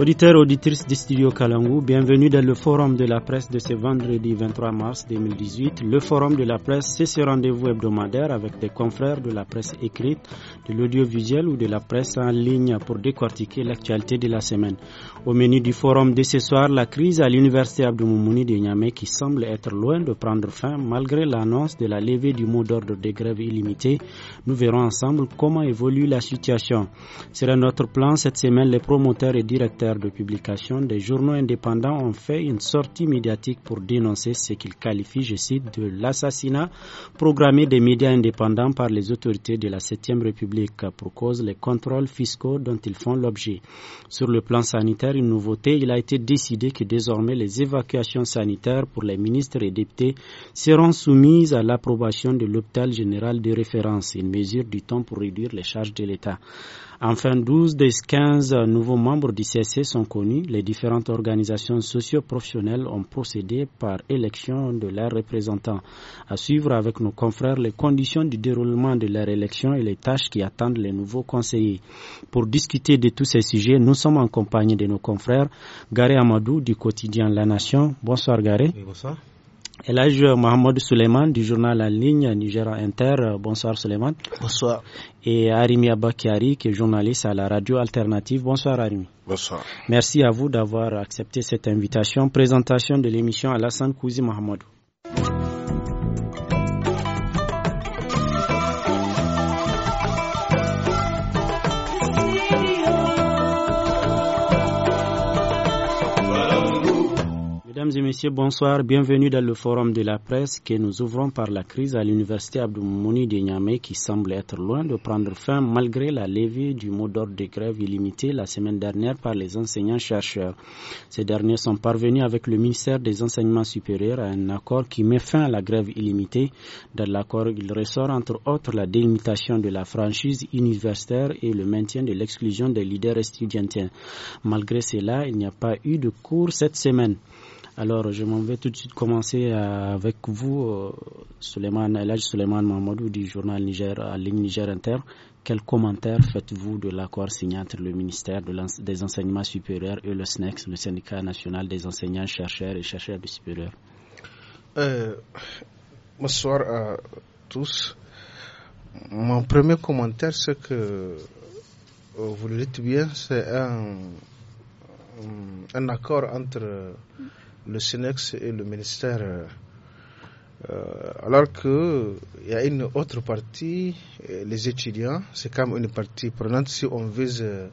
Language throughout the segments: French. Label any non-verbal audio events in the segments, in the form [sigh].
Auditeurs, auditrices du studio Kalangu, bienvenue dans le forum de la presse de ce vendredi 23 mars 2018. Le forum de la presse, c'est ce rendez-vous hebdomadaire avec des confrères de la presse écrite, de l'audiovisuel ou de la presse en ligne pour décortiquer l'actualité de la semaine. Au menu du forum de ce soir, la crise à l'université Abdoumoumouni de Niamey qui semble être loin de prendre fin malgré l'annonce de la levée du mot d'ordre des grèves illimitées. Nous verrons ensemble comment évolue la situation. Sera notre plan cette semaine les promoteurs et directeurs de publication des journaux indépendants ont fait une sortie médiatique pour dénoncer ce qu'ils qualifient, je cite, de l'assassinat programmé des médias indépendants par les autorités de la 7e République pour cause les contrôles fiscaux dont ils font l'objet. Sur le plan sanitaire, une nouveauté, il a été décidé que désormais les évacuations sanitaires pour les ministres et députés seront soumises à l'approbation de l'hôpital général de référence, une mesure du temps pour réduire les charges de l'État. Enfin, 12 des 15 nouveaux membres du CC sont connus. Les différentes organisations socio-professionnelles ont procédé par élection de leurs représentants. À suivre avec nos confrères les conditions du déroulement de leur élection et les tâches qui attendent les nouveaux conseillers. Pour discuter de tous ces sujets, nous sommes en compagnie de nos confrères Gary Amadou du quotidien La Nation. Bonsoir Gary. bonsoir. Elage Mohamed Suleiman du journal en ligne Nigeria Inter. Bonsoir Suleiman. Bonsoir. Et Arimi Abakiari qui est journaliste à la radio alternative. Bonsoir Arimi. Bonsoir. Merci à vous d'avoir accepté cette invitation. Présentation de l'émission Alassane Kouzi Mohamedou. Mesdames et messieurs, bonsoir. Bienvenue dans le forum de la presse que nous ouvrons par la crise à l'université Abdoumouni de Niamey qui semble être loin de prendre fin malgré la levée du mot d'ordre de grève illimitée la semaine dernière par les enseignants-chercheurs. Ces derniers sont parvenus avec le ministère des enseignements supérieurs à un accord qui met fin à la grève illimitée. Dans l'accord, il ressort entre autres la délimitation de la franchise universitaire et le maintien de l'exclusion des leaders étudiants. Malgré cela, il n'y a pas eu de cours cette semaine. Alors, je m'en vais tout de suite commencer euh, avec vous, euh, Suleiman Elage Suleiman Mamadou du journal Niger, à euh, ligne Niger Inter. Quel commentaire faites-vous de l'accord signé entre le ministère de des Enseignements supérieurs et le SNEX, le syndicat national des enseignants, chercheurs et chercheurs du supérieur Bonsoir à tous. Mon premier commentaire, c'est que, vous le dites bien, c'est un accord entre le SINEX et le ministère. Euh, alors qu'il y a une autre partie, euh, les étudiants, c'est quand même une partie prenante. Si on vise euh,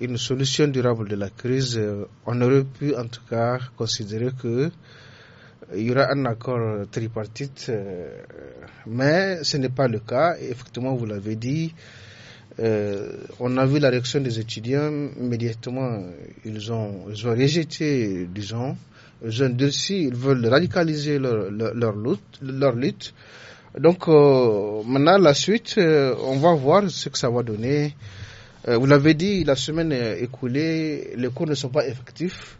une solution durable de la crise, on aurait pu en tout cas considérer que y aura un accord tripartite, mais ce n'est pas le cas. Effectivement, vous l'avez dit, on a vu la réaction des étudiants immédiatement. Ils ont, ils ont rejeté, disons, jeunes d'ici, ils veulent radicaliser leur, lutte, leur lutte. Donc euh, maintenant, la suite, euh, on va voir ce que ça va donner. Euh, vous l'avez dit, la semaine écoulée, les cours ne sont pas effectifs.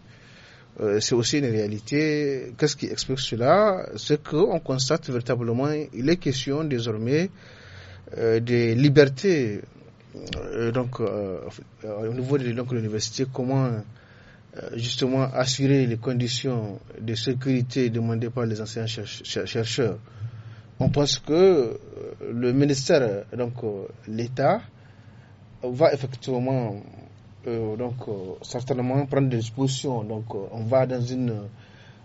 c'est aussi une réalité. Qu'est-ce qui explique cela Ce qu'on constate véritablement, il est question désormais des libertés. donc, au niveau de l'université, comment euh, justement assurer les conditions de sécurité demandées par les anciens chercheurs. On pense que euh, le ministère, donc euh, l'État, va effectivement, donc certainement prendre des dispositions. Donc on va dans une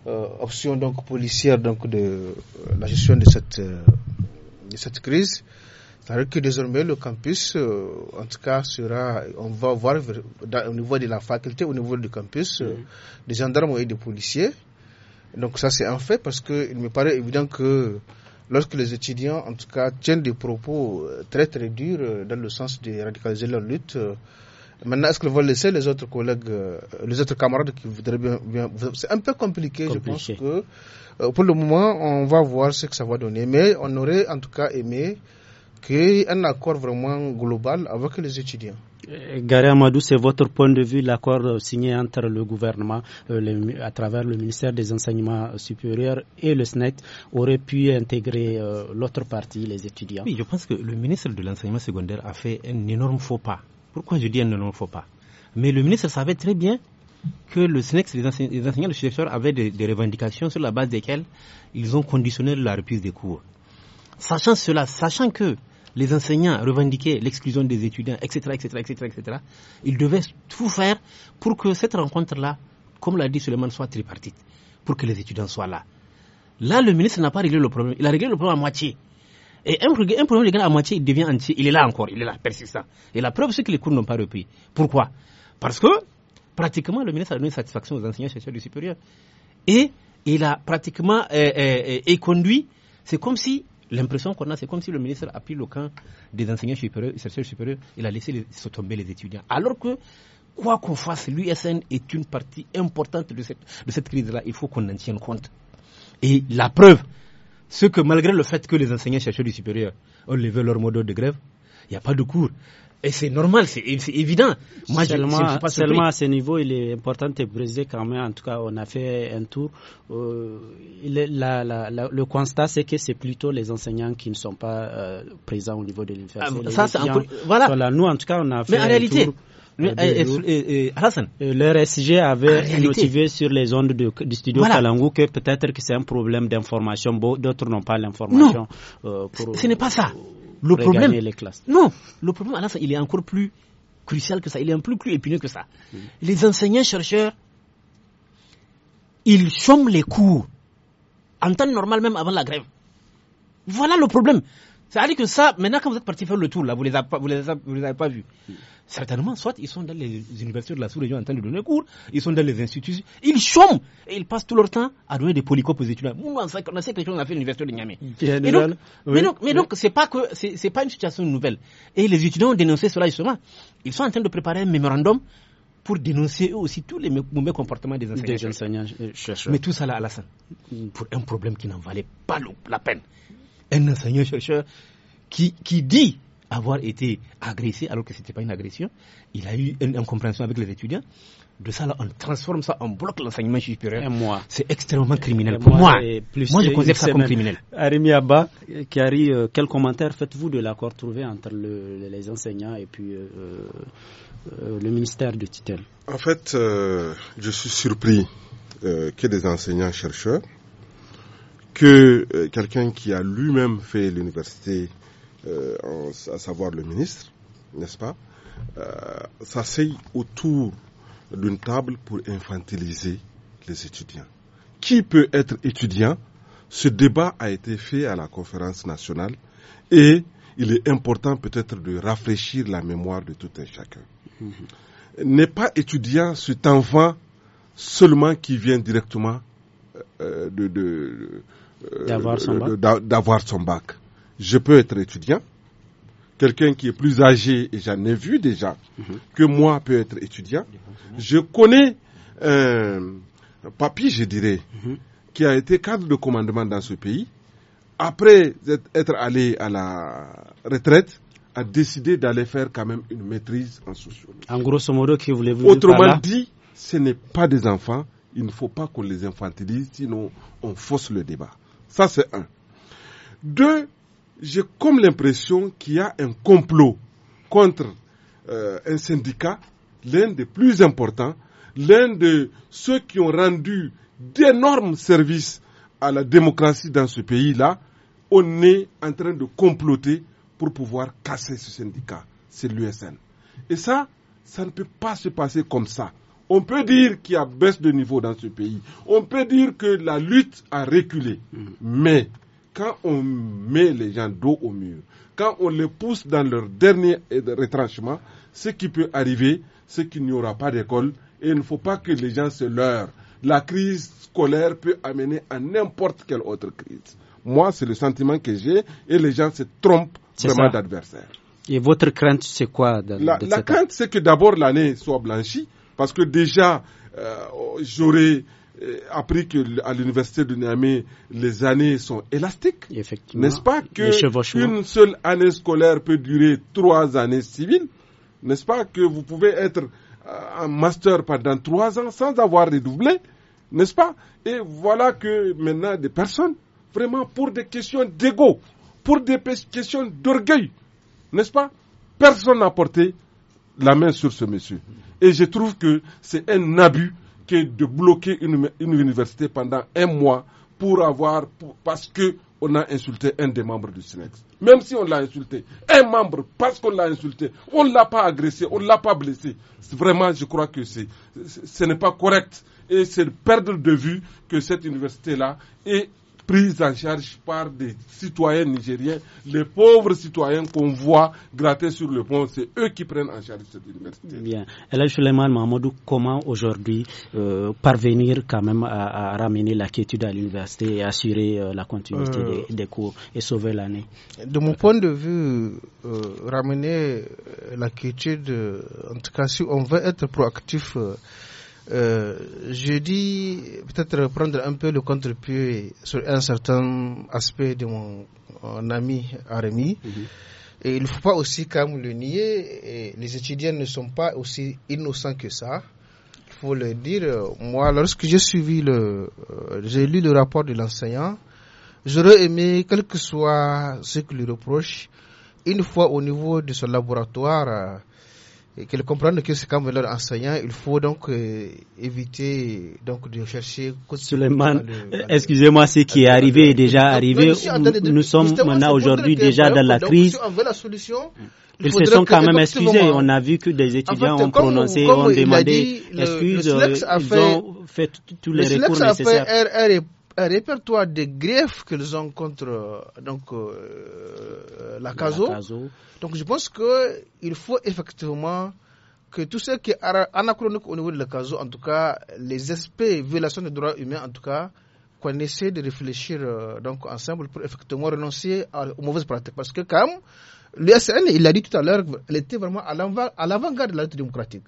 option donc policière donc de la gestion de cette, de cette crise cest vrai que désormais, le campus, euh, en tout cas, sera, on va voir au niveau de la faculté, au niveau du campus, euh, des gendarmes et des policiers. Donc ça, c'est un fait parce qu'il me paraît évident que lorsque les étudiants, en tout cas, tiennent des propos euh, très, très durs dans le sens de radicaliser leur lutte, Maintenant, est-ce qu'ils vont laisser les autres collègues, les autres camarades qui voudraient bien. c'est un peu compliqué, je pense que. Pour le moment, on va voir ce que ça va donner. Mais on aurait en tout cas aimé créer un accord vraiment global avec les étudiants. Euh, Gary Amadou, c'est votre point de vue, l'accord signé entre le gouvernement euh, à travers le ministère des Enseignements supérieurs et le SNET aurait pu intégrer euh, l'autre partie, les étudiants Oui, je pense que le ministre de l'Enseignement secondaire a fait un énorme faux pas. Pourquoi je dis un énorme faux pas Mais le ministre savait très bien que le SNEX, e les, enseignants du secteur, avaient des, des revendications sur la base desquelles ils ont conditionné la reprise des cours. Sachant cela, sachant que les enseignants revendiquaient l'exclusion des étudiants, etc., etc., etc., etc. Ils devaient tout faire pour que cette rencontre-là, comme l'a dit Suleiman, soit tripartite, pour que les étudiants soient là. Là, le ministre n'a pas réglé le problème. Il a réglé le problème à moitié. Et un, problème réglé à moitié, il devient entier. Il est là encore, il est là, persistant. Et la preuve, c'est que les cours n'ont pas repris. Pourquoi Parce que, pratiquement, le ministre a donné satisfaction aux enseignants-chercheurs du supérieur. Et il a pratiquement euh, euh, euh conduit. C'est comme si L'impression qu'on a, c'est comme si le ministre a pris le camp des enseignants chercheurs supérieurs, et a laissé se tomber les étudiants. Alors que, quoi qu'on fasse, l'USN est une partie importante de cette, de cette crise-là. Il faut qu'on en tienne compte. Et la preuve, c'est que malgré le fait que les enseignants chercheurs du supérieur ont levé leur mode de grève, il n'y a pas de cours. Et c'est normal, c'est évident. seulement, pas seulement à ce niveau, il est important de briser quand même, en tout cas, on a fait un tour. Euh, le constat, c'est que c'est plutôt les enseignants qui ne sont pas euh, présents au niveau de l'université. Ah, voilà. Nous, en tout cas, on a fait un réalité, tour. Euh, eh, eh, eh, avait notifié sur les ondes du studio Kalangou que peut-être que c'est un problème d'information. D'autres n'ont pas l'information. ce n'est pas ça le problème. Les Non, le problème, il est encore plus crucial que ça, il est un peu plus épineux que ça. Mm. Les enseignants-chercheurs, ils chôment les cours en temps normal, même avant la grève. Voilà le problème. C'est-à-dire que ça, maintenant quand vous êtes parti faire le tour, là, vous ne les, avez pas vus. Hmm. Certainement, soit ils sont dans les universités de la sous-région en train de donner cours, ils sont dans les institutions, ils chôment et ils passent tout leur temps à donner des polycopes aux étudiants. on sait, a fait l'université de Niamey. Mais donc, mais pas pas une situation nouvelle. Et les étudiants ont dénoncé cela justement. Ils sont en train de préparer un mémorandum pour dénoncer eux aussi tous les mauvais comportements des enseignants. Euh, mais tout ça là, Alassane, pour un problème qui n'en valait pas la peine un enseignant-chercheur qui, dit avoir été agressé alors que ce n'était pas une agression. Il a eu une incompréhension avec les étudiants. De ça, on transforme ça, en bloque l'enseignement supérieur. C'est extrêmement criminel. pour moi, moi je considère ça comme criminel. Arimi Abba, euh, Kari, euh, quel commentaire faites-vous de l'accord trouvé entre les enseignants et puis euh, le ministère de tutelle En fait, je suis surpris que des enseignants-chercheurs que euh, quelqu'un qui a lui-même fait l'université, euh, à savoir le ministre, n'est-ce pas, euh, s'asseye autour d'une table pour infantiliser les étudiants. Qui peut être étudiant Ce débat a été fait à la conférence nationale et il est important peut-être de rafraîchir la mémoire de tout un chacun. Mm-hmm. N'est pas étudiant cet enfant seulement qui vient directement euh, euh, d'avoir son, bac. Je peux être étudiant. Quelqu'un qui est plus âgé, et j'en ai vu déjà, mhm. que moi peut être étudiant. Je connais un papy, je dirais, mhm. qui a été cadre de commandement dans ce pays. Après être allé à la retraite, a décidé d'aller faire quand même une maîtrise en sociologie. En modo, qui voulez Autrement dit, ce n'est pas des enfants, il ne faut pas qu'on les infantilise, sinon on fausse le débat. Ça, c'est un. Deux, j'ai comme l'impression qu'il y a un complot contre euh, un syndicat, l'un des plus importants, l'un de ceux qui ont rendu d'énormes services à la démocratie dans ce pays-là. On est en train de comploter pour pouvoir casser ce syndicat. C'est l'USN. Et ça, ça ne peut pas se passer comme ça. On peut dire qu'il y a baisse de niveau dans ce pays. On peut dire que la lutte a reculé. Mm. Mais quand on met les gens dos au mur, quand on les pousse dans leur dernier retranchement, ce qui peut arriver, c'est qu'il n'y aura pas d'école et il ne faut pas que les gens se leurrent. La crise scolaire peut amener à n'importe quelle autre crise. Moi, c'est le sentiment que j'ai et les gens se trompent vraiment d'adversaires. Et votre crainte, c'est quoi la crainte, c'est que d'abord l'année soit blanchie, parce que déjà, euh, j'aurais euh, appris qu'à l'université de Niamey, les années sont élastiques. N'est-ce pas que une seule année scolaire peut durer trois années civiles N'est-ce pas que vous pouvez être un euh, master pendant trois ans sans avoir redoublé N'est-ce pas Et voilà que maintenant des personnes, vraiment pour des questions d'ego, pour des questions d'orgueil, n'est-ce pas Personne n'a porté la main sur ce monsieur. Et je trouve que c'est un abus que de bloquer une, université pendant un mois pour avoir, parce qu'on a insulté un des membres du SINEX. Même si on l'a insulté, un membre, parce qu'on l'a insulté, on ne l'a pas agressé, on ne l'a pas blessé. Vraiment, je crois que c'est, ce n'est pas correct. Et c'est perdre de vue que cette université-là est prise en charge par des citoyens nigériens. Les pauvres citoyens qu'on voit gratter sur le pont, c'est eux qui prennent en charge cette université. Bien. El Suleiman Mamadou, comment aujourd'hui euh, parvenir quand même à, ramener la à l'université et assurer euh, la continuité euh, des, cours et sauver l'année De mon point de vue, ramener la quiétude, en tout cas, si on veut être proactif, euh, je dis peut-être prendre un peu le contre-pied sur un certain aspect de mon, ami Arémi. Mhm. Et il ne faut pas aussi quand même le nier. les étudiants ne sont pas aussi innocents que ça. Il faut le dire. Moi, lorsque j'ai suivi le, euh, j'ai lu le rapport de l'enseignant, j'aurais aimé, quel que soit ce que lui reproche, une fois au niveau de son laboratoire, euh, et qu'ils comprennent que c'est comme leur enseignant, il faut donc euh, éviter donc de chercher. excusez-moi, ce qui est arrivé est déjà arrivé. Nous, sommes maintenant aujourd'hui déjà dans la crise. ils se sont quand même excusés. On a vu que des étudiants ont prononcé, ont demandé excuse. Euh, ils ont fait tous les, recours nécessaires répertoire des griefs qu'ils ont contre donc, euh, la, CASO. Donc je pense qu'il faut effectivement que tout ce qui est anachronique au niveau de la CASO, en tout cas les aspects violations des droits humains, en tout cas, qu'on essaie de réfléchir euh, donc ensemble pour effectivement renoncer aux mauvaises pratiques. Parce que quand le il a dit tout à l'heure, elle était vraiment à l'avant-garde de la lutte démocratique.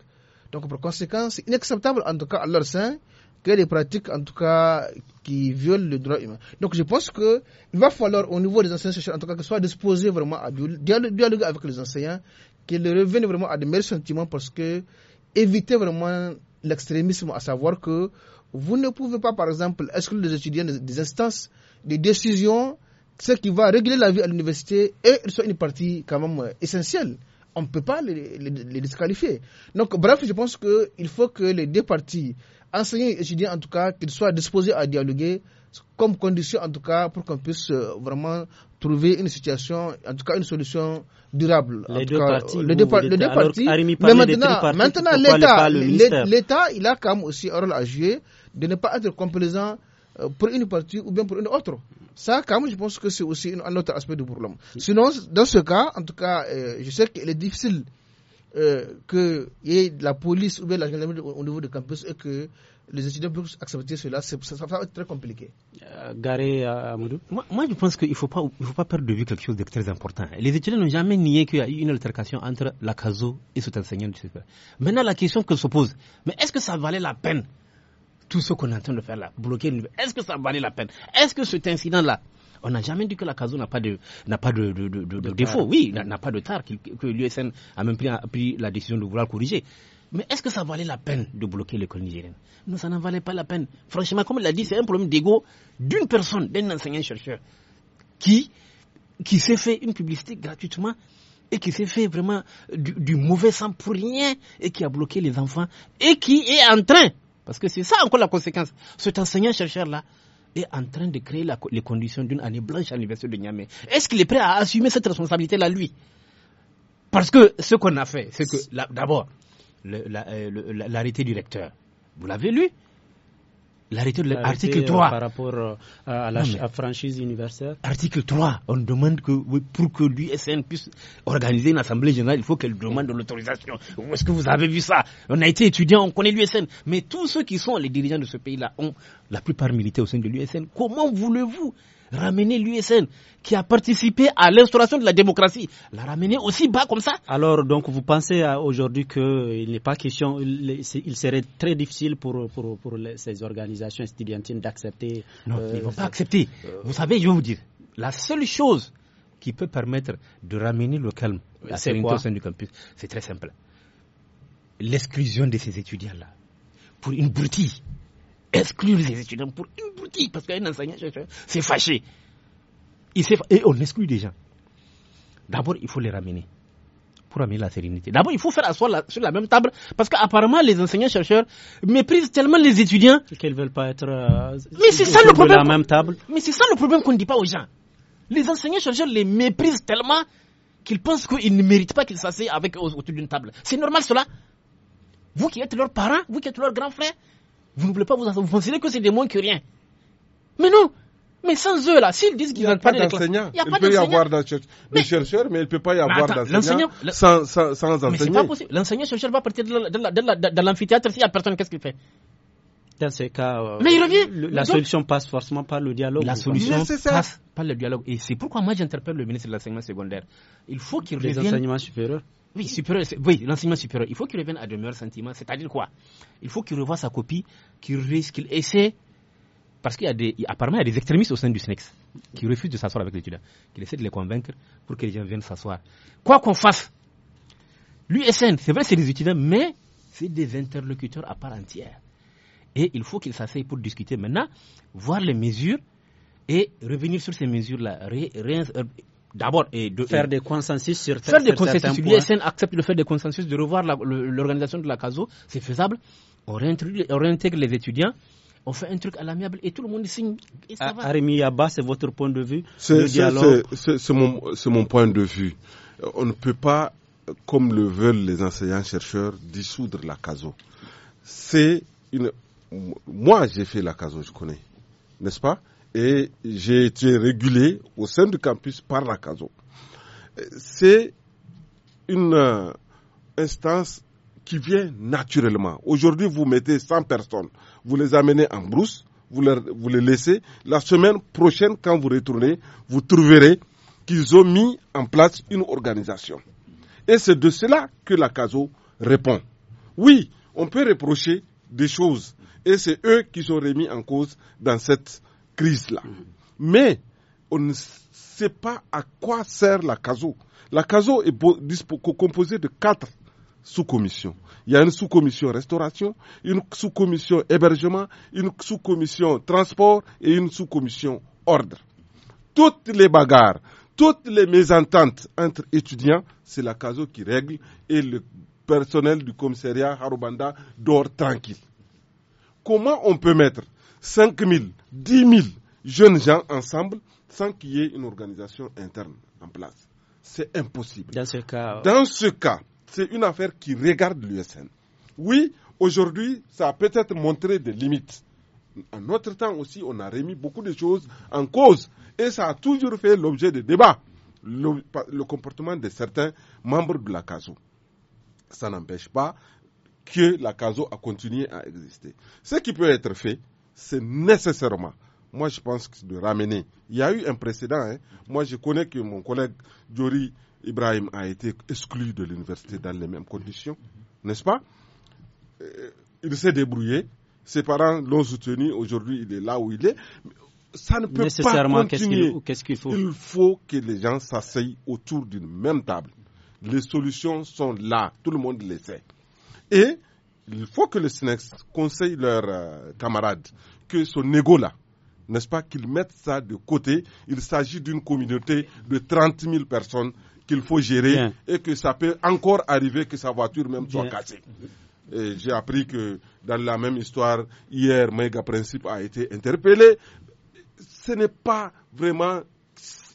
Donc pour conséquent, c'est inacceptable en tout cas à leur sein que des pratiques, en tout cas, qui violent le droit humain. Donc je pense que il va falloir, au niveau des enseignants en tout cas, qu'ils soient disposés vraiment à dialoguer avec les enseignants, qu'ils reviennent vraiment à de meilleurs sentiments parce que éviter vraiment l'extrémisme, à savoir que vous ne pouvez pas, par exemple, exclure les étudiants des instances, des décisions, ce qui va régler la vie à l'université, et ils sont une partie quand même essentielle. On ne peut pas les, les, les disqualifier. Donc, bref, je pense qu'il faut que les deux parties Enseigner et étudiants, en tout cas, qu'ils soient disposés à dialoguer comme condition, en tout cas, pour qu'on puisse euh, vraiment trouver une situation, en tout cas, une solution durable. Les en deux tout cas, parties. Les deux, parties. maintenant, maintenant l'État, l'État, il a quand même aussi un rôle à jouer de ne pas être complaisant euh, pour une partie ou bien pour une autre. Ça, quand même, je pense que c'est aussi un autre aspect du problème. Sinon, dans ce cas, en tout cas, euh, je sais qu'il est difficile euh, qu'il y ait la police ou bien la gendarmerie au, niveau du campus et que les étudiants puissent accepter cela, ça, va être très compliqué. Euh, Garé euh, moi, je pense qu'il ne faut, pas, faut pas perdre de vue quelque chose de très important. Les étudiants n'ont jamais nié qu'il y a eu une altercation entre la et cet enseignant Maintenant, la question que se pose, mais est-ce que ça valait la peine tout ce qu'on est en train de faire là, bloquer niveau est-ce que ça valait la peine Est-ce que cet incident-là, on n'a jamais dit que la CASO n'a pas de, défaut, oui, n'a pas de tard, que, l'USN a même pris, la décision de vouloir corriger. Mais est-ce que ça valait la peine de bloquer l'école nigérienne Non, ça n'en valait pas la peine. Franchement, comme il l'a dit, c'est un problème d'ego d'une personne, d'un enseignant-chercheur, qui, s'est fait une publicité gratuitement et qui s'est fait vraiment du, mauvais sang pour rien et qui a bloqué les enfants et qui est en train, parce que c'est ça encore la conséquence, cet enseignant-chercheur-là est en train de créer les conditions d'une année blanche à l'université de Niamey. Est-ce qu'il est prêt à assumer cette responsabilité-là, lui Parce que ce qu'on a fait, c'est que d'abord, euh, l'arrêté du recteur, vous l'avez lu L'arrêté de l'article 3. Euh, par rapport euh, à la franchise universelle. Article 3. On demande que pour que l'USN puisse organiser une assemblée générale, il faut qu'elle demande l'autorisation. Est-ce que vous avez vu ça On a été étudiant, on connaît l'USN. Mais tous ceux qui sont les dirigeants de ce pays-là ont la plupart milité au sein de l'USN. Comment voulez-vous ramener l'USN qui a participé à l'instauration de la démocratie, la ramener aussi bas comme ça. Alors, donc, vous pensez aujourd'hui qu'il euh, n'est pas question, il serait très difficile pour, ces organisations étudiantines d'accepter. Non, euh, ils ne vont pas euh, accepter. Vous savez, je vais vous dire, la seule chose qui peut permettre de ramener le calme à du campus, c'est très simple. L'exclusion de ces étudiants-là pour une brutille exclure les étudiants pour une boutique parce qu'un enseignant chercheur s'est fâché. Et on exclut des gens. D'abord, il faut les ramener pour amener la sérénité. D'abord, il faut faire asseoir sur la même table parce qu'apparemment, les enseignants-chercheurs méprisent tellement les étudiants. Qu'ils ne veulent pas être euh, mais la même table. Mais c'est ça le problème qu'on ne dit pas aux gens. Les enseignants-chercheurs les méprisent tellement qu'ils pensent qu'ils ne méritent pas qu'ils s'asseyent avec autour d'une table. C'est normal cela Vous qui êtes leurs parents, vous qui êtes leurs grands frères, vous ne voulez pas vous enseigner, Vous considérez que c'est des moins que rien. Mais non mais sans eux, là, s'ils disent qu'ils n'ont pas d'enseignants, il, a pas il peut y avoir des chercheurs, mais il ne peut pas y avoir d'enseignants sans, sans, sans enseignants. Mais c'est pas possible. L'enseignant-chercheur va partir de l'amphithéâtre s'il n'y a personne, qu'est-ce qu'il fait dans ces cas, euh, mais il revient. la solution passe forcément par le dialogue. La solution passe par le dialogue. Et c'est pourquoi moi j'interpelle le ministre de l'enseignement secondaire. Il faut qu'il revienne. Les enseignements supérieurs. Oui, oui, l'enseignement supérieur. Il faut qu'il revienne à de meilleurs sentiments. C'est-à-dire quoi Il faut qu'il revoie sa copie, qu'il qu'il essaie. Parce qu'il y a des, apparemment, il y a des extrémistes au sein du SNEX qui refusent de s'asseoir avec l'étudiant, qu'il essaie de les convaincre pour que les gens viennent s'asseoir. Quoi qu'on fasse, l'USN, c'est vrai, c'est des étudiants, mais c'est des interlocuteurs à part entière. Et il faut qu'ils s'asseyent pour discuter maintenant, voir les mesures et revenir sur ces mesures-là, d'abord et de, faire des consensus sur faire des consensus. L'ISN accepte de faire des consensus, de revoir l'organisation de la CASO, c'est faisable. On réintègre, les étudiants. On fait un truc à l'amiable et tout le monde signe. Arémi ça ah, c'est votre point de vue C'est mon, mon point de vue. Euh, on ne peut pas, comme le veulent les enseignants-chercheurs, dissoudre la CASO. C'est une. Moi, j'ai fait la CASO, je connais. N'est-ce pas et j'ai été régulé au sein du campus par la CASO. C'est une euh, instance qui vient naturellement. Aujourd'hui, vous mettez 100 personnes, vous les amenez en brousse, vous, les laissez. La semaine prochaine, quand vous retournez, vous trouverez qu'ils ont mis en place une organisation. Et c'est de cela que la CASO répond. Oui, on peut reprocher des choses. Et c'est eux qui sont remis en cause dans cette crise-là. Mais on ne sait pas à quoi sert la CASO. La CASO est composée de quatre sous-commissions. Il y a une sous-commission restauration, une sous-commission hébergement, une sous-commission transport et une sous-commission ordre. Toutes les bagarres, toutes les mésententes entre étudiants, c'est la CASO qui règle et le personnel du commissariat Harubanda dort tranquille. Comment on peut mettre 5 000, 10 000 jeunes gens ensemble sans qu'il y ait une organisation interne en place. C'est impossible. Dans ce cas, euh, dans ce cas, c'est une affaire qui regarde l'USN. Oui, aujourd'hui, ça a peut-être montré des limites. En notre temps aussi, on a remis beaucoup de choses en cause et ça a toujours fait l'objet de débats. Le, le, comportement de certains membres de la CASO. Ça n'empêche pas que la CASO a continué à exister. Ce qui peut être fait, c'est nécessairement, moi je pense, de ramener. Il y a eu un précédent. Hein. Moi je connais que mon collègue Jory Ibrahim a été exclu de l'université dans les mêmes conditions, n'est-ce pas euh, Il s'est débrouillé, ses parents l'ont soutenu, aujourd'hui il est là où il est. Ça ne peut Nécessairement, pas continuer. Qu'est-ce qu'il faut Il faut que les gens s'asseyent autour d'une même table. Les solutions sont là, tout le monde les sait. Et il faut que le SNEX conseille leurs euh, camarades que ce négo-là, n'est-ce pas, qu'ils mettent ça de côté. Il s'agit d'une communauté de 30 000 personnes qu'il faut gérer et que ça peut encore arriver que sa voiture même soit cassée. J'ai appris que dans la même histoire, hier, Mega Principe a été interpellé. Ce n'est pas vraiment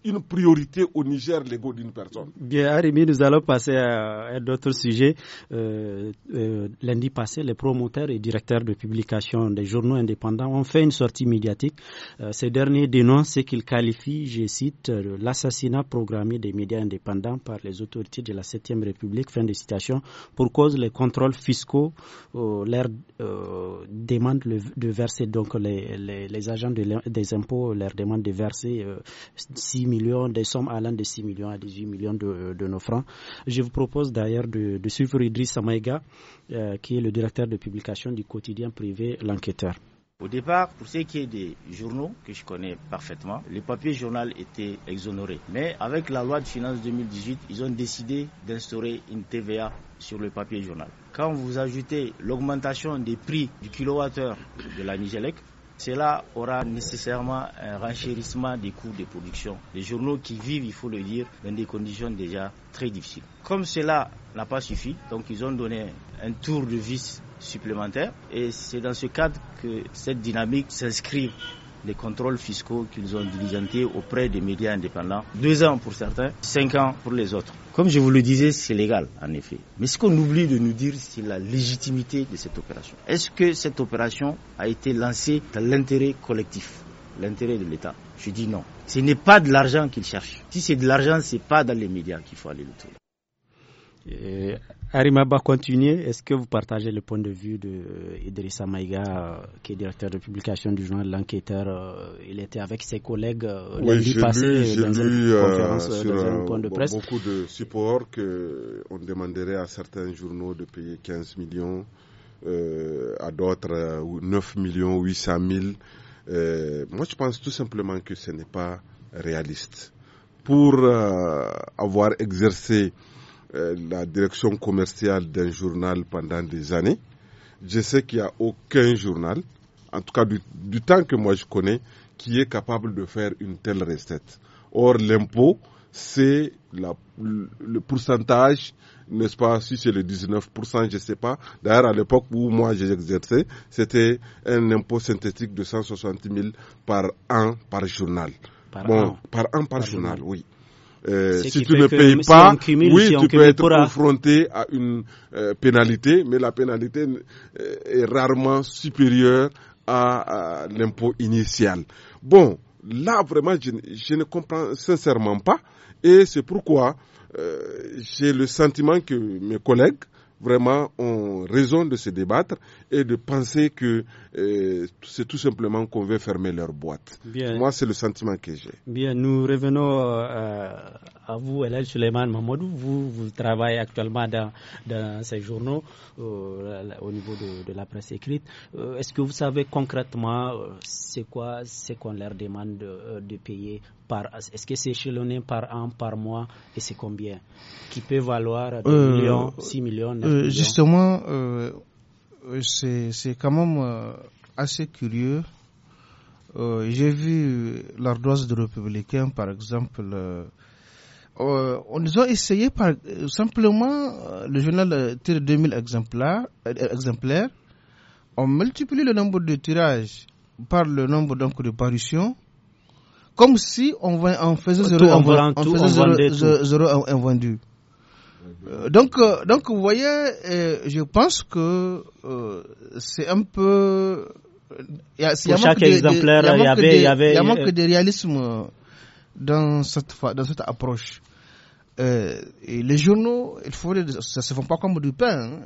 une priorité au Niger l'ego d'une personne. Bien, Arimi, nous allons passer à, d'autres sujets. Euh, euh, lundi passé, les promoteurs et directeurs de publication des journaux indépendants ont fait une sortie médiatique. Euh, ces derniers dénoncent ce qu'ils qualifient, je cite, l'assassinat programmé des médias indépendants par les autorités de la 7 République, fin de citation, pour cause les contrôles fiscaux leur demandent de verser, donc les, agents des impôts leur demandent de verser millions, des sommes allant de 6 millions à 18 millions de, nos francs. Je vous propose d'ailleurs de, suivre Idriss Samaïga, euh, qui est le directeur de publication du quotidien privé L'Enquêteur. Au départ, pour ce qui est des journaux que je connais parfaitement, les papiers journal étaient exonérés. Mais avec la loi de finances 2018, ils ont décidé d'instaurer une TVA sur le papier journal. Quand vous ajoutez l'augmentation des prix du kilowattheure de la Nigelec, cela aura nécessairement un renchérissement des coûts de production. Les journaux qui vivent, il faut le dire, dans des conditions déjà très difficiles. Comme cela n'a pas suffi, donc ils ont donné un tour de vis supplémentaire et c'est dans ce cadre que cette dynamique s'inscrit les contrôles fiscaux qu'ils ont diligentés auprès des médias indépendants. Deux ans pour certains, cinq ans pour les autres. Comme je vous le disais, c'est légal, en effet. Mais ce qu'on oublie de nous dire, c'est la légitimité de cette opération. Est-ce que cette opération a été lancée dans l'intérêt collectif, l'intérêt de l'État Je dis non. Ce n'est pas de l'argent qu'ils cherchent. Si c'est de l'argent, c'est pas dans les médias qu'il faut aller le trouver. Arimaba continuer, Est-ce que vous partagez le point de vue de euh, Idrissa Maïga, euh, qui est directeur de publication du journal L'Enquêteur euh, Il était avec ses collègues lundi passé dans une conférence, dans un point de presse. Beaucoup de supports qu'on demanderait à certains journaux de payer 15 millions, à d'autres 9 millions 800 000. moi, je pense tout simplement que ce n'est pas réaliste. Pour avoir exercé euh, la direction commerciale d'un journal pendant des années. Je sais qu'il n'y a aucun journal, en tout cas du, temps que moi je connais, qui est capable de faire une telle recette. Or, l'impôt, c'est le pourcentage, n'est-ce pas, si c'est le 19%, je ne sais pas. D'ailleurs, à l'époque où moi j'exerçais, c'était un impôt synthétique de 160 000 par an par journal. Par bon, an par an par, journal, oui. Euh, si tu ne payes pas, oui, tu peux être confronté à une euh, pénalité, mais la pénalité euh, est rarement supérieure à, à l'impôt initial. Bon, là vraiment, je, je, ne comprends sincèrement pas, et c'est pourquoi j'ai le sentiment que mes collègues Vraiment, ont raison de se débattre et de penser que euh, c'est tout simplement qu'on veut fermer leur boîte. Moi, c'est le sentiment que j'ai. Bien, nous revenons euh, à vous, Suleiman Mamadou. Vous, vous travaillez actuellement dans, dans ces journaux euh, au niveau de, la presse écrite. Euh, est-ce que vous savez concrètement euh, c'est quoi c'est qu'on leur demande de, de payer par Est-ce que c'est échelonné par an, par mois et c'est combien Qui peut valoir 2 millions, 6 millions, Justement, c'est quand même assez curieux. j'ai vu l'ardoise de républicain, par exemple, euh, on nous a essayé par euh, simplement euh, le journal tire 2000 exemplaires, On multiplie le nombre de tirages par le nombre donc de parutions, comme si on, faisait zéro, invendu. donc, donc vous voyez, je pense que c'est un peu il y a, Pour exemplaire, il y, il a manque de réalisme dans cette, dans cette approche. Euh, et les journaux, il faut, ça se font pas comme du pain.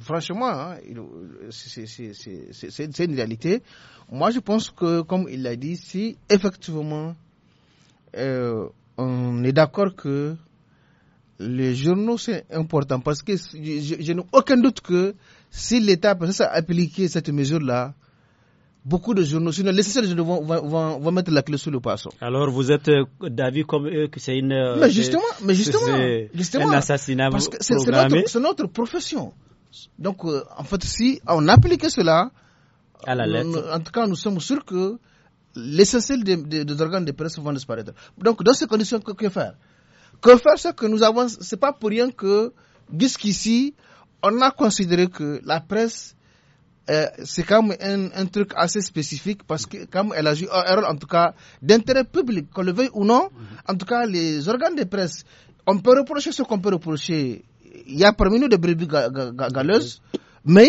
franchement, c'est une réalité. Moi, je pense que, comme il l'a dit, si effectivement euh, on est d'accord que les journaux c'est important, parce que je, n'ai aucun doute que si l'État a appliqué cette mesure-là, beaucoup de journaux, sinon l'essentiel des journaux vont, vont, vont, mettre la clé sous le poisson. Alors vous êtes euh, d'avis comme eux que c'est une. Euh, mais justement, mais justement, un parce que c'est notre, notre, profession. Donc euh, en fait, si on appliquait cela, à la lettre. En, tout cas, nous sommes sûrs que l'essentiel des, des, organes de presse vont disparaître. Donc dans ces conditions, que, que faire Que faire ce que nous avons, c'est pas pour rien que jusqu'ici, on a considéré que la presse euh, c'est quand même un, truc assez spécifique parce que comme elle a joué un rôle en tout cas d'intérêt public, qu'on le veuille ou non. En tout cas, les organes de presse, on peut reprocher ce qu'on peut reprocher. Il y a parmi nous des brebis galeuses. Mais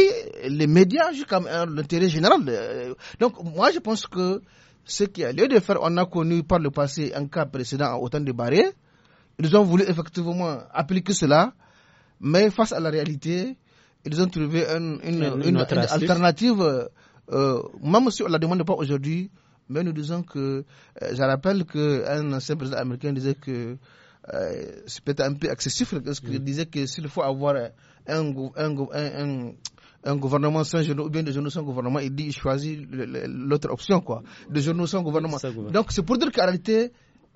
les médias jouent quand même l'intérêt général. Euh, donc moi je pense que ce qui a lieu de faire, on a connu par le passé un cas précédent autant de barrières. Ils ont voulu effectivement appliquer cela, mais face à la réalité, ils ont trouvé une, alternative, euh, même si on ne la demande pas aujourd'hui, mais nous disons que, euh, je rappelle qu'un ancien président américain disait que c'était euh, c'est peut-être un peu excessif, parce qu'il mm. disait que s'il faut avoir un, gouvernement sans ou bien des journaux sans gouvernement, il dit il choisit l'autre option, quoi, des journaux sans gouvernement. Donc c'est pour dire qu'en réalité,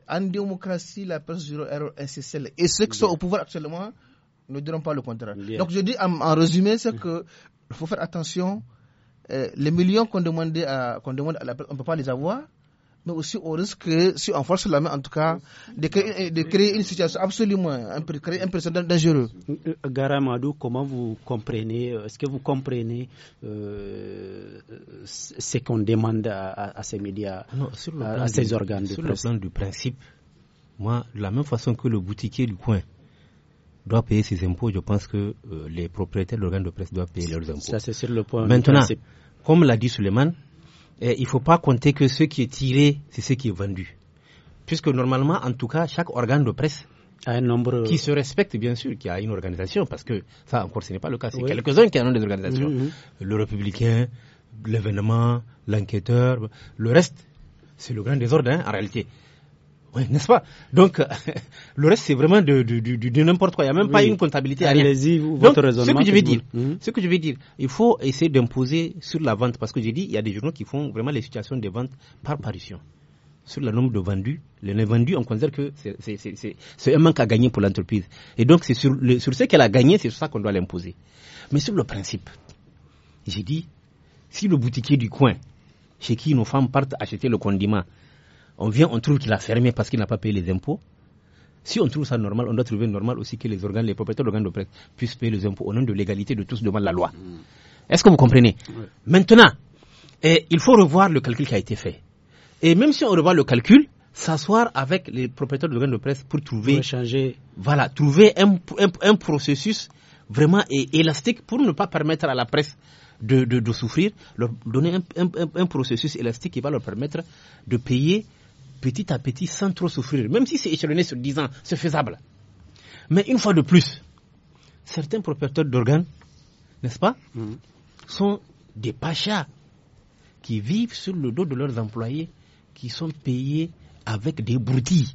en démocratie, la presse est essentielle. Et ceux qui sont au pouvoir actuellement, ne dirons pas le contraire. Donc je dis en, résumé, c'est qu'il faut faire attention. Euh, les millions qu'on demande à, qu'on demande on ne peut pas les avoir mais aussi au risque, si on force la main en tout cas, de créer, euh, une situation absolument créer un précédent dangereux. Euh, Garamadou, comment vous comprenez, est-ce que vous comprenez ce qu'on demande à, ces médias, à, ces organes de Sur le plan du principe, moi, de la même façon que le boutiquier du coin, doit payer ses impôts, je pense que euh, les propriétaires d'organes de presse doivent payer leurs impôts. Ça, c'est sur le point. Maintenant, comme l'a dit Suleiman, eh, il ne faut pas compter que ce qui est tiré, c'est ce qui est vendu. Puisque normalement, en tout cas, chaque organe de presse un nombre... qui se respecte, bien sûr, qui a une organisation, parce que ça encore, ce n'est pas le cas. C'est quelques-uns qui en ont des organisations. Mm-hmm. Le républicain, l'événement, l'enquêteur, le reste, c'est le grand désordre hein, en réalité. Oui, n'est-ce pas Donc, [laughs] le reste, c'est vraiment de, n'importe quoi. Il n'y a même pas une comptabilité. Allez-y, votre raisonnement. Hmm. Ce que je veux dire, ce que je vais dire, il faut essayer d'imposer sur la vente, parce que j'ai dit, il y a des journaux qui font vraiment les situations de vente par parution. Sur le nombre de vendus, les non vendus, on considère que c'est un manque à gagner pour l'entreprise. Et donc, c'est sur, sur ce qu'elle a gagné, c'est sur ça qu'on doit l'imposer. Mais sur le principe, j'ai dit, si le boutiquier du coin, chez qui nos femmes partent acheter le condiment, on vient, on trouve qu'il a fermé parce qu'il n'a pas payé les impôts. Si on trouve ça normal, on doit trouver normal aussi que les organes, les propriétaires d'organes de presse puissent payer les impôts au nom de l'égalité de tous devant la loi. Mm. Est-ce que vous comprenez Maintenant, eh, il faut revoir le calcul qui a été fait. Et même si on revoit le calcul, s'asseoir avec les propriétaires d'organes de presse pour trouver, changer. Voilà, trouver un, processus vraiment élastique pour ne pas permettre à la presse de, souffrir, leur donner un, un processus élastique qui va leur permettre de payer petit à petit, sans trop souffrir. Même si c'est échelonné sur 10 ans, c'est faisable. Mais une fois de plus, certains propriétaires d'organes, n'est-ce pas, mm. sont des pachas qui vivent sur le dos de leurs employés, qui sont payés avec des broutilles.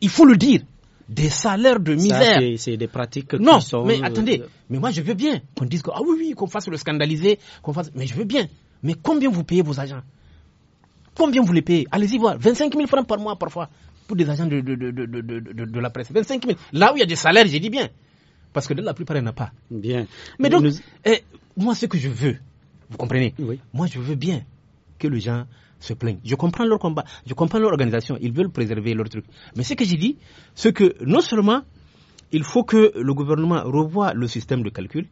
Il faut le dire, des salaires de misère. C'est des pratiques non, mais attendez, euh, mais moi je veux bien qu'on dise que, ah oui, oui, qu'on fasse le scandaliser, qu'on fasse... Mais je veux bien. Mais combien vous payez vos agents Combien vous les payez Allez-y voir. 25 000 francs par mois parfois pour des agents de, de, la presse. 25 000. Là où il y a des salaires, j'ai dit bien. Parce que de la plupart, il n'y a pas. Bien. Mais donc, eh, moi, ce que je veux, vous comprenez Moi, je veux bien que les gens se plaignent. Je comprends leur combat, je comprends leur organisation, ils veulent préserver leur truc. Mais ce que j'ai dit, c'est que non seulement il faut que le gouvernement revoie le système de calcul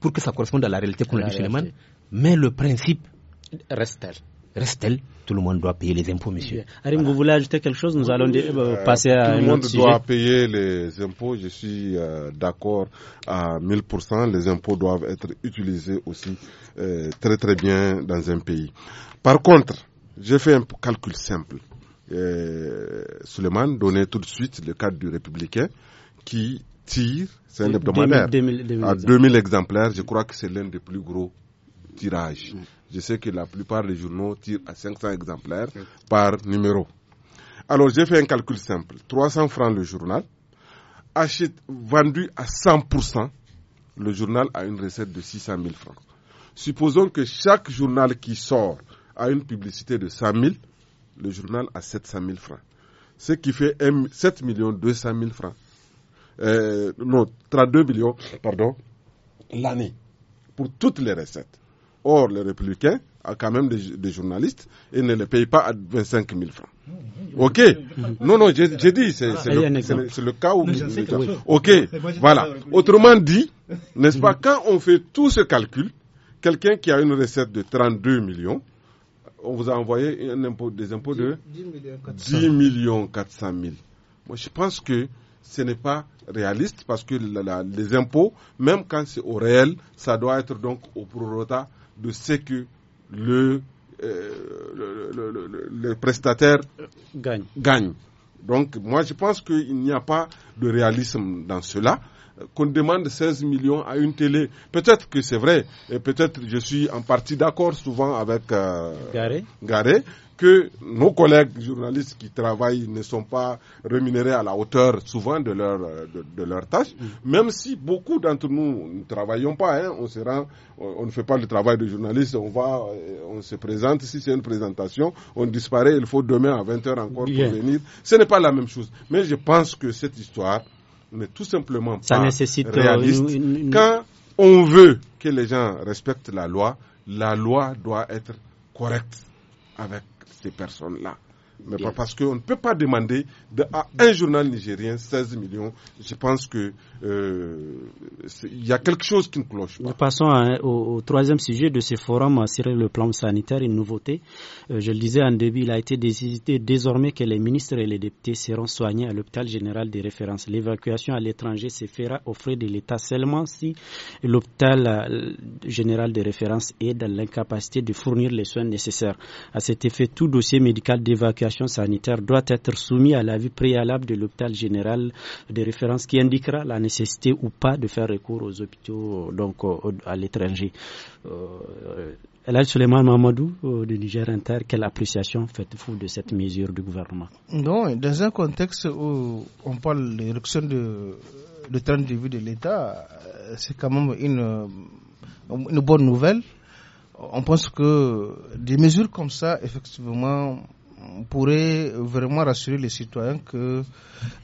pour que ça corresponde à la réalité qu'on a dit chez mais le principe reste tel reste-t-elle, tout le monde doit payer les impôts, monsieur. Arim, vous voulez ajouter quelque chose Nous allons euh, euh, passer à Tout le monde doit payer les impôts. Je suis euh, d'accord à 1000%. Les impôts doivent être utilisés aussi très très bien dans un pays. Par contre, j'ai fait un calcul simple. Suleiman donnait tout de suite le cadre du républicain qui tire, c'est un hebdomadaire, à 2000 exemplaires. Je crois que c'est l'un des plus gros tirages. Mm. Je sais que la plupart des journaux tirent à 500 exemplaires par numéro. Alors j'ai fait un calcul simple. 300 francs le journal, achète, vendu à 100%, le journal a une recette de 600 000 francs. Supposons que chaque journal qui sort a une publicité de 100 000, le journal a 700 000 francs. Ce qui fait 7 200 000 francs. Euh, non, 32 millions, pardon, l'année. Pour toutes les recettes. Or, les républicains a quand même des, journalistes et ne les paye pas à 25 000 francs. Ok. Non, non, j'ai dit, ah, c'est le, cas où... Ok, voilà. Autrement dit, [laughs] n'est-ce pas, quand on fait tout ce calcul, quelqu'un qui a une recette de 32 millions, on vous a envoyé un impôt, des impôts de 10 millions 400 000. Moi, je pense que ce n'est pas réaliste parce que les impôts, même quand c'est au réel, ça doit être donc au prorata de ce que le, euh, le, prestataire gagne. Donc moi je pense qu'il n'y a pas de réalisme dans cela qu'on demande 16 millions à une télé. Peut-être que c'est vrai, et peut-être je suis en partie d'accord souvent avec euh, que nos collègues journalistes qui travaillent ne sont pas rémunérés à la hauteur souvent de leur, euh, de, leur tâche, mm. même si beaucoup d'entre nous ne travaillons pas, hein, on, on, ne fait pas le travail de journaliste, on va, euh, on se présente, si c'est une présentation, on disparaît, il faut demain à 20h encore Bien. pour venir. Ce n'est pas la même chose. Mais je pense que cette histoire n'est tout simplement pas euh, réaliste. Quand on veut que les gens respectent la loi, la loi doit être correcte avec ces personnes-là. Mais pas parce qu'on ne peut pas demander à un journal nigérien 16 millions. Je pense que euh, il y a quelque chose qui ne cloche pas. Nous passons au, troisième sujet de ce forum sur le plan sanitaire, une nouveauté. Euh, je le disais en début, il a été décidé désormais que les ministres et les députés seront soignés à l'hôpital général de référence. L'évacuation à l'étranger se fera au frais de l'État seulement si l'hôpital euh, général de référence est dans l'incapacité de fournir les soins nécessaires. À cet effet, tout dossier médical d'évacuation sanitaire doit être soumis à l'avis préalable de l'hôpital général de référence qui indiquera la nécessité nécessité ou pas de faire recours aux hôpitaux donc euh, à l'étranger. Euh, Elal Suleiman Mamadou euh, de Niger Inter, quelle appréciation faites-vous de cette mesure du gouvernement Non, dans un contexte où on parle de réduction de, de de vie de l'État, euh, c'est quand même une bonne nouvelle. On pense que des mesures comme ça, effectivement, pourrait vraiment rassurer les citoyens que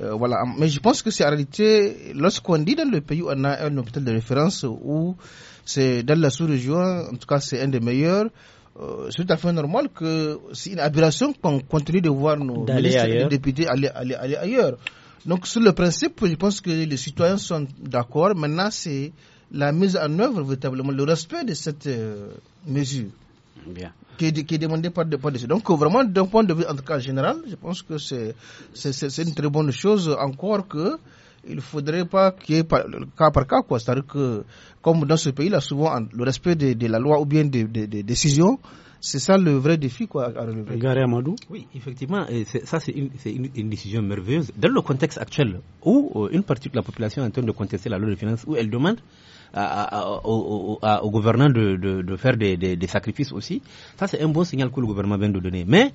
euh, voilà mais je pense que c'est en réalité lorsqu'on dit dans le pays on a un hôpital de référence ou c'est dans la sous-région en tout cas c'est un des meilleurs euh, c'est tout à fait normal que c'est une aberration qu'on continue de voir nos députés aller, aller, ailleurs donc sur le principe je pense que les citoyens sont d'accord maintenant c'est la mise en œuvre véritablement le respect de cette euh, mesure bien qui est, qui est demandé Donc vraiment, d'un point de vue en tout cas général, je pense que c'est une très bonne chose encore que il faudrait pas qu'il y ait par, cas par cas quoi. C'est-à-dire que comme dans ce pays-là, souvent le respect de, la loi ou bien des, décisions c'est ça le vrai défi quoi, à relever. Amadou Oui, effectivement, ça c'est une, décision merveilleuse. Dans le contexte actuel où euh, une partie de la population est en train de contester la loi de finances, où elle demande au, gouvernement de, faire des, sacrifices aussi. Ça, c'est un bon signal que le gouvernement vient de donner. Mais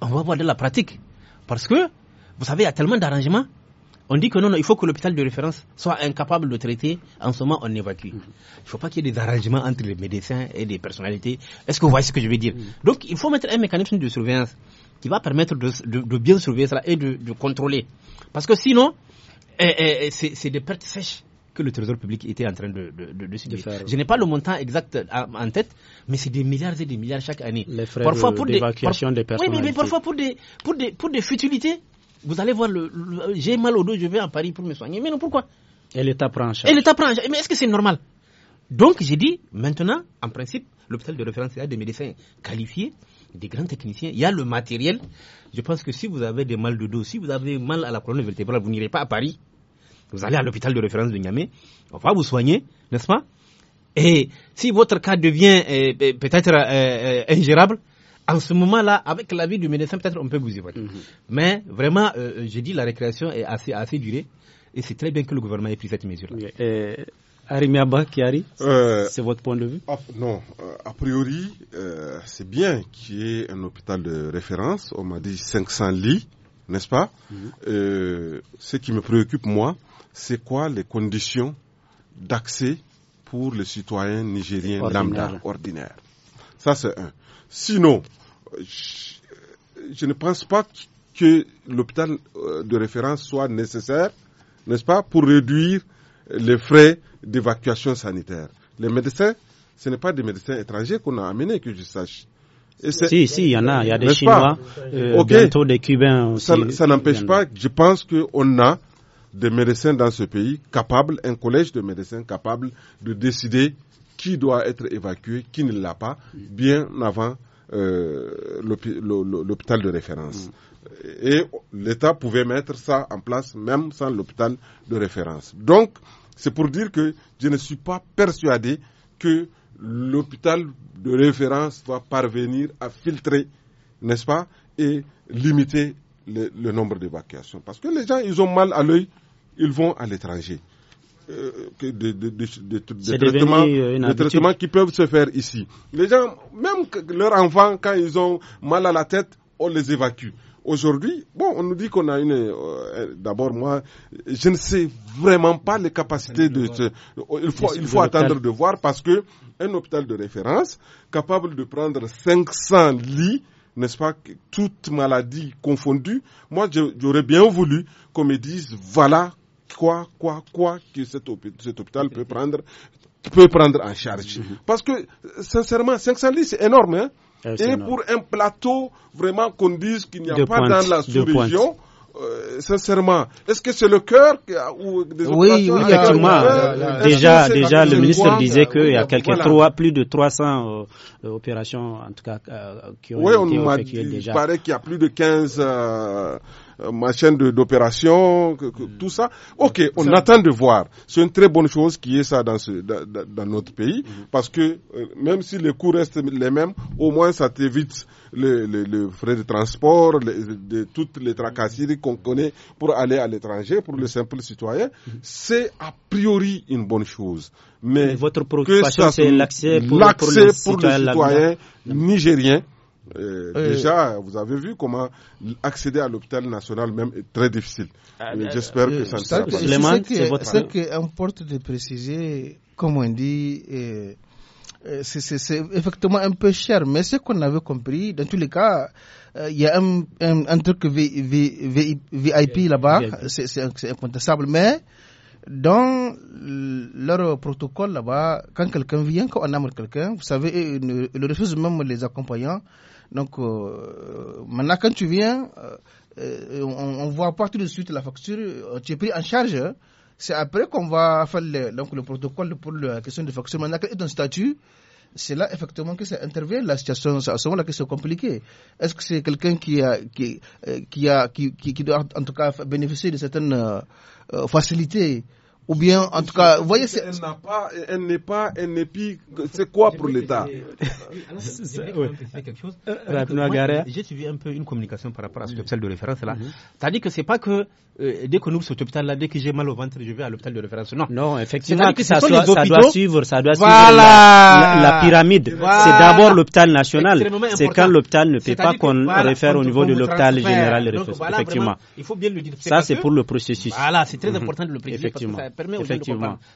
on va voir de la pratique. Parce que, vous savez, il y a tellement d'arrangements. On dit que non, non, il faut que l'hôpital de référence soit incapable de traiter. En ce moment, on évacue. Mhm. Il ne faut pas qu'il y ait des arrangements entre les médecins et les personnalités. Est-ce que vous voyez ce que je veux dire mhm. Donc, il faut mettre un mécanisme de surveillance qui va permettre de, bien surveiller cela et de, contrôler. Parce que sinon, eh, eh, eh, c'est des pertes sèches le trésor public était en train de, de, de, Faire, Je n'ai pas le montant exact euh, en, tête, mais c'est des milliards et des milliards chaque année. Les frais parfois pour des, des personnes. Oui, mais, parfois pour des, pour des, pour des futilités. Vous allez voir, le, j'ai mal au dos, je vais à Paris pour me soigner. Mais non, pourquoi Et l'État prend en charge. Et l'État prend Mais est-ce que c'est normal Donc j'ai dit, maintenant, en principe, l'hôpital de référence, il y a des médecins qualifiés, des grands techniciens, il y a le matériel. Je pense que si vous avez des mal de dos, si vous avez mal à la colonne vertébrale, vous n'irez pas à Paris vous allez à l'hôpital de référence de Niamey, on va vous soigner, n'est-ce pas Et si votre cas devient euh, euh, peut-être euh, ingérable, en ce moment-là, avec l'avis du médecin, peut-être on peut vous évacuer. Mhm. Mais vraiment, j'ai je dis, la récréation est assez, assez durée. Et c'est très bien que le gouvernement ait pris cette mesure-là. Arimi Abba, c'est votre point de vue ah, Non, a priori, c'est bien qu'il y ait un hôpital de référence. On m'a dit 500 lits, n'est-ce pas mhm. Ce qui me préoccupe, moi, c'est quoi les conditions d'accès pour les citoyens nigériens lambda ordinaire. Ça, c'est un. Sinon, euh, je, ne pense pas que l'hôpital euh, de référence soit nécessaire, n'est-ce pas, pour réduire les frais d'évacuation sanitaire. Les médecins, ce n'est pas des médecins étrangers qu'on a amenés, que je sache. Et si, si, il y en a. Il y a des Chinois, euh, bientôt des Cubains aussi. Ça, ça n'empêche pas, je pense qu'on a des médecins dans ce pays capables, un collège de médecins capable de décider qui doit être évacué, qui ne l'a pas, bien avant euh, l'hôpital de référence. Et l'État pouvait mettre ça en place même sans l'hôpital de référence. Donc, c'est pour dire que je ne suis pas persuadé que l'hôpital de référence doit parvenir à filtrer, n'est-ce pas, et limiter le nombre d'évacuations. Parce que les gens, ils ont mal à l'œil ils vont à l'étranger. Euh, traitements, qui peuvent se faire ici. Les gens, même leurs enfants, quand ils ont mal à la tête, on les évacue. Aujourd'hui, bon, on nous dit qu'on a une. Euh, euh, d'abord, moi, je ne sais vraiment pas les capacités de. Euh, il faut, il faut attendre de voir parce que un hôpital de référence capable de prendre 500 lits n'est-ce pas, toutes maladies confondues, moi j'aurais bien voulu qu'on me dise voilà quoi, quoi, quoi que cet, cet hôpital peut prendre, peut prendre en charge. Mhm. Parce que, sincèrement, 500 c'est énorme. Hein eh, Et pour un plateau, vraiment, qu'on dise qu'il n'y a pas dans la sous-région, euh, sincèrement, est-ce que c'est le cœur ou des Oui, oui, effectivement. déjà, déjà, le ministre disait qu'il y a quelques trois, plus de 300 euh, euh, opérations, en tout cas, qui ont oui, on dit, Il paraît qu'il y a plus de 15 euh, ma chaîne d'opération, mm. tout ça. Ok, mm. on attend de voir. C'est une très bonne chose qui est ça dans, ce, dans, dans notre pays, mm. parce que euh, même si les coûts restent les mêmes, au moins ça t'évite le, le, frais de transport, de, toutes les tracasseries qu'on connaît pour aller à l'étranger, pour le simple citoyen. C'est a priori une bonne chose. Mais votre préoccupation, c'est l'accès pour, le citoyen pour euh, euh, déjà, vous avez vu comment accéder à l'hôpital national même est très difficile. Ah, euh, j'espère que ça ne sera pas. Ce qui importe de préciser, comme on dit, c'est effectivement un peu cher, mais ce qu'on avait compris, dans tous les cas, il y a un, truc VIP là-bas, c'est incontestable, mais dans leur protocole là-bas, quand quelqu'un vient, quand on amène quelqu'un, vous savez, ils refusent même les accompagnants donc, euh, maintenant, quand tu viens, euh, euh, on, on, voit tout de suite la facture, tu es pris en charge. Hein. C'est après qu'on va faire le, donc, le protocole pour la question de facture. Maintenant, quand est un statut, c'est là effectivement que ça intervient la situation c'est à ce moment-là que c'est compliqué est-ce que c'est quelqu'un qui a qui a qui, qui, doit en tout cas bénéficier de certaines facilités ou bien en tout cas, vous voyez, elle n'a pas, elle n'est pas, elle n'est plus. C'est quoi pour l'État J'ai suivi un peu une communication par rapport à cet mm-hmm. hôpital de référence là. Mm-hmm. C'est-à-dire que c'est pas que euh, dès qu'on ouvre cet hôpital là, dès que j'ai mal au ventre, je vais à l'hôpital de référence. Non, non, effectivement, ça, doit suivre, ça doit suivre la, pyramide. C'est d'abord l'hôpital national. C'est quand l'hôpital ne peut pas qu'on réfère au niveau de l'hôpital général. Effectivement, il faut bien le dire. Ça, c'est pour le processus. Voilà, c'est très important de le préciser. Effectivement permet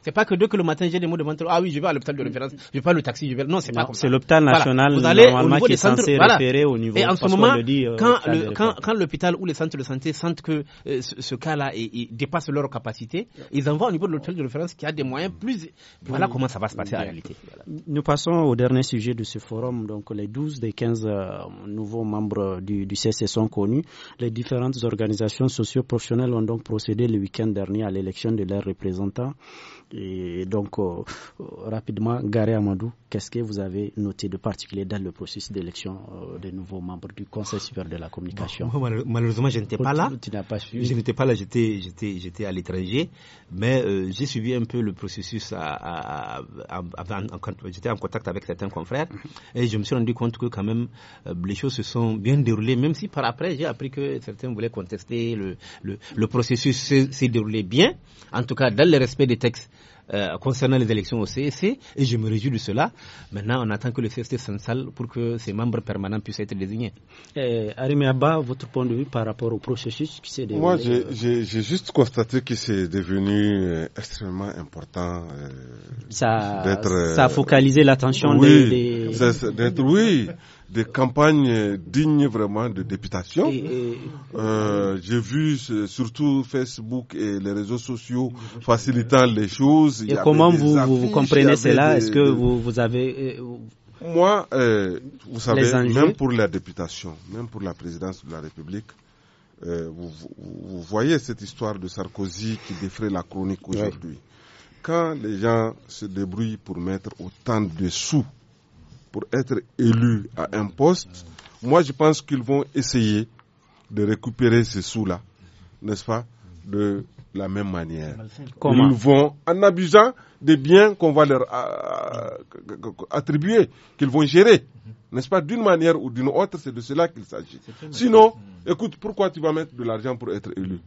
C'est pas que dès que le matin, j'ai des mots de ventre, ah oui, je vais à l'hôpital de référence, je pas le taxi, je vais. Non, c'est pas comme ça. C'est l'hôpital national normalement qui est censé référer au niveau. Et en ce moment, euh, quand, quand, quand l'hôpital ou les centres de santé sentent que euh, ce, cas-là dépasse leur capacité, ils envoient au niveau de l'hôpital de référence qui a des moyens plus. Voilà comment ça va se passer en réalité. Nous passons au dernier sujet de ce forum. Donc, les 12 des 15 euh, nouveaux membres du, CC sont connus. Les différentes organisations socio-professionnelles ont donc procédé le week-end dernier à l'élection de leurs représentants et donc, euh, rapidement, Garé Amadou qu'est-ce que vous avez noté de particulier dans le processus d'élection euh, des nouveaux membres du Conseil supérieur de la communication Malheureusement, je n'étais pas là. Tu, n'as pas suivi Je n'étais pas là, j'étais à l'étranger, mais euh, j'ai suivi un peu le processus, j'étais en contact avec certains confrères, et je me suis rendu compte que quand même, euh, les choses se sont bien déroulées, même si par après, j'ai appris que certains voulaient contester, le processus s'est déroulé bien, en tout cas dans le respect des textes. Euh, concernant les élections au CEC et je me réjouis de cela. Maintenant, on attend que le CEC s'installe pour que ses membres permanents puissent être désignés. Eh, Arimé Abba, votre point de vue par rapport au processus qui s'est déroulé Moi, j'ai euh, juste constaté que c'est devenu euh, extrêmement important ça, ça a focalisé l'attention oui, des, des... oui, des campagnes dignes vraiment de députation. Euh, J'ai vu surtout Facebook et les réseaux sociaux facilitant les choses. Et comment vous, vous, comprenez cela Est-ce que vous, vous avez... Euh, Moi, euh, vous savez, même pour la députation, même pour la présidence de la République, euh, vous, voyez cette histoire de Sarkozy qui défrait la chronique aujourd'hui. Quand les gens se débrouillent pour mettre autant de sous pour être élu à un poste, moi je pense qu'ils vont essayer de récupérer ces sous-là, n'est-ce pas, de la même manière. Ils vont, en abusant des biens qu'on va leur euh, attribuer, qu'ils vont gérer, n'est-ce pas, d'une manière ou d'une autre, c'est de cela qu'il s'agit. Sinon, écoute, pourquoi tu vas mettre de l'argent pour être élu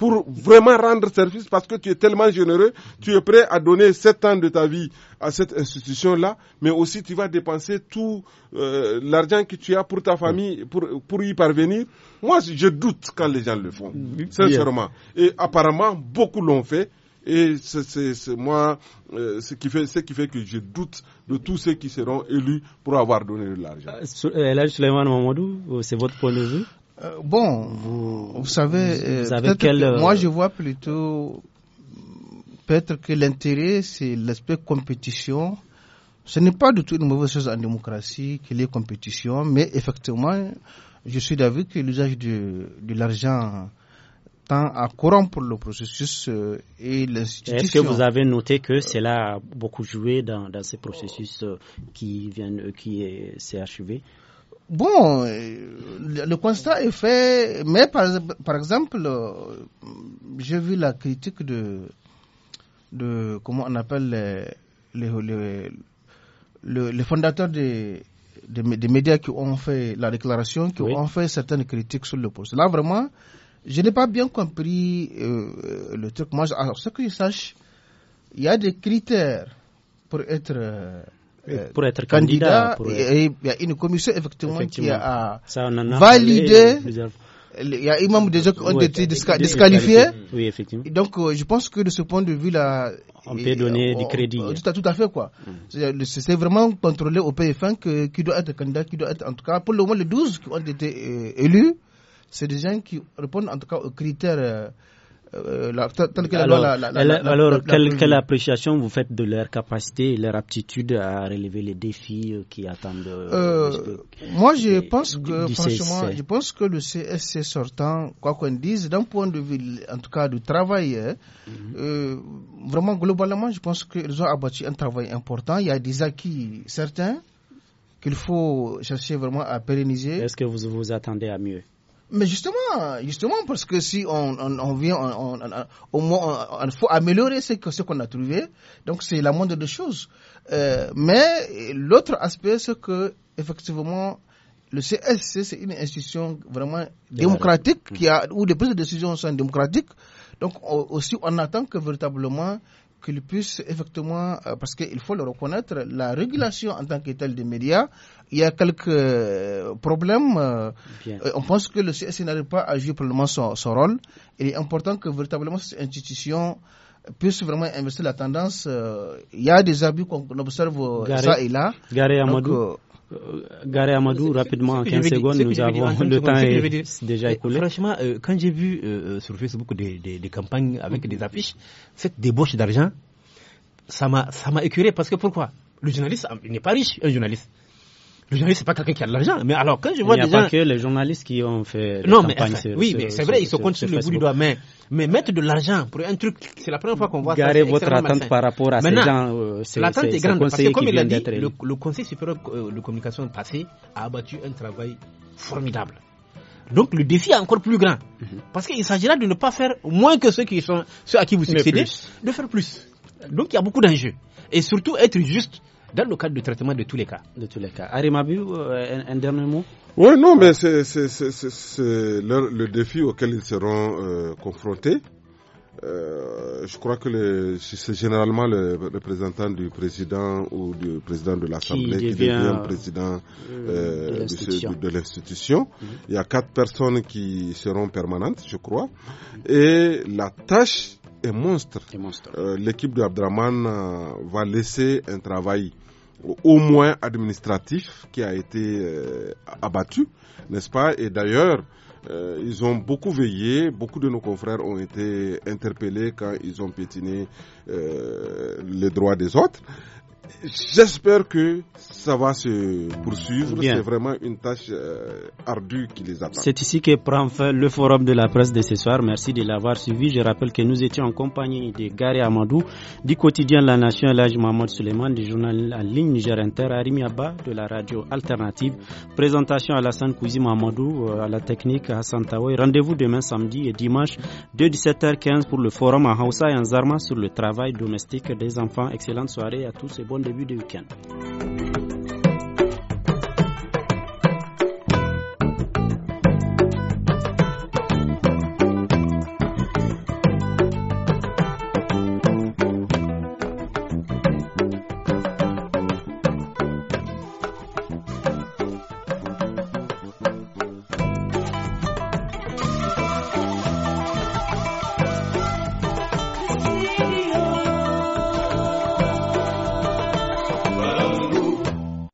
pour vraiment rendre service parce que tu es tellement généreux, tu es prêt à donner sept ans de ta vie à cette institution-là, mais aussi tu vas dépenser tout euh, l'argent que tu as pour ta famille pour, pour y parvenir. Moi, je doute quand les gens le font, sincèrement. Et apparemment, beaucoup l'ont fait. Et c'est moi euh, ce, qui fait, ce qui fait que je doute de tous ceux qui seront élus pour avoir donné de l'argent. Euh, euh Suleiman Mamadou, c'est votre point de vue euh, bon, vous, savez, euh, euh, moi je vois plutôt peut-être que l'intérêt, c'est l'aspect compétition. Ce n'est pas du tout une mauvaise chose en démocratie qu'il y ait compétition, mais effectivement, je suis d'avis que l'usage de, l'argent tend à corrompre le processus et l'institution. Est-ce que vous avez noté que cela a beaucoup joué dans, dans ce processus qui, viennent, qui s'est achevé Bon, euh, le constat est fait, mais par, exemple, euh, j'ai vu la critique de, de comment on appelle les, les, fondateurs des, des, médias qui ont fait la déclaration, qui ont fait certaines critiques sur le poste. Là, vraiment, je n'ai pas bien compris euh, le truc. Moi, alors, ce que je sache, il y a des critères pour être. Eh, eh, pour être candidat. Eh, il y a une commission effectivement, qui a, validé. Il y a même des gens qui ont été disqualifiés. Donc, euh, je pense que de ce point de vue-là. On peut donner du oh, crédit. Oh, tout à, tout à fait, quoi. Mm. C'est vraiment contrôlé au PFN que, qui doit être candidat, qui doit être. En tout cas, pour le moins les 12 qui ont été euh, élus, c'est des gens qui répondent en tout cas aux critères. Euh, euh, alors, quelle, appréciation vous faites de leur capacité et leur aptitude à relever les défis euh, qui attendent euh, Moi, je pense que, franchement, je pense que le CSC sortant, quoi qu'on dise, d'un point de vue, en tout cas, du travail, hein, mhm. vraiment, globalement, je pense qu'ils ont abattu un travail important. Il y a des acquis certains qu'il faut chercher vraiment à pérenniser. Est-ce que vous vous attendez à mieux mais justement, justement, parce que si on, on, on vient, on, au moins, il faut améliorer ce qu'on ce qu'on a trouvé. Donc, c'est la moindre des choses. Euh, mais l'autre aspect, c'est que, effectivement, le CSC, c'est une institution vraiment démocratique mmh. qui a, où les prises de décision sont démocratiques. Donc, aussi, on attend que véritablement qu'il puisse effectivement, euh, parce qu'il faut le reconnaître, la régulation en tant que telle des médias, il y a quelques euh, problèmes. Euh, on pense que le CSI n'arrive pas à jouer pleinement son, rôle. Il est important que véritablement cette institution puisse vraiment investir la tendance. Il y a des abus qu'on observe Garé, ça et là. Euh, Garé Amadou, rapidement, en 15 secondes, nous avons le temps déjà écoulé. Franchement, euh, quand j'ai vu euh, sur Facebook des, campagnes avec des affiches, cette débauche d'argent, ça m'a écuré parce que pourquoi Le journaliste, ah, n'est pas riche, un journaliste. Le journaliste, c'est pas quelqu'un qui a de l'argent. Mais alors, quand je vois Il n'y a pas que les journalistes qui ont fait. Non, mais. oui, mais c'est vrai, ils se comptent sur le bout du doigt. Mais, mettre de l'argent pour un truc, c'est la première fois qu'on voit ça. votre attente par rapport à ces euh, L'attente est, grande. Parce que, comme il a dit, le, le, Conseil supérieur euh, de communication passé a abattu un travail formidable. Donc le défi est encore plus grand. Mhm. Parce qu'il s'agira de ne pas faire moins que qui sont, ceux à qui vous succédez, de faire plus. Donc il y a beaucoup d'enjeux. Et surtout être juste dans le cadre du traitement de tous les cas. De tous les cas. Arimabu, euh, un, dernier mot Oui, non, mais c'est le défi auquel ils seront euh, confrontés. Euh, je crois que c'est généralement le représentant du président ou du président de l'Assemblée qui, qui, devient président euh, euh de l'institution. Mhm. Il y a quatre personnes qui seront permanentes, je crois. Et la tâche monstre. Euh, l'équipe de Abdraman euh, va laisser un travail au moins administratif qui a été euh, abattu, n'est-ce pas Et d'ailleurs, ils ont beaucoup veillé, beaucoup de nos confrères ont été interpellés quand ils ont pétiné les droits des autres. J'espère que ça va se poursuivre. C'est vraiment une tâche euh, ardue qui les attend. C'est ici que prend fin le forum de la presse de ce soir. Merci de l'avoir suivi. Je rappelle que nous étions en compagnie de Gary Amadou, du quotidien La Nation, l'âge Mahmoud Suleiman, du journal en ligne Niger Inter, Arimi Abba, de la radio alternative. Présentation à la Sainte Cousine Mamadou, euh, à la technique à Hassan Rendez-vous demain samedi et dimanche de 17h15 pour le forum à Hausa et en Zarma sur le travail domestique des enfants. Excellente soirée à tous et bon début de week-end.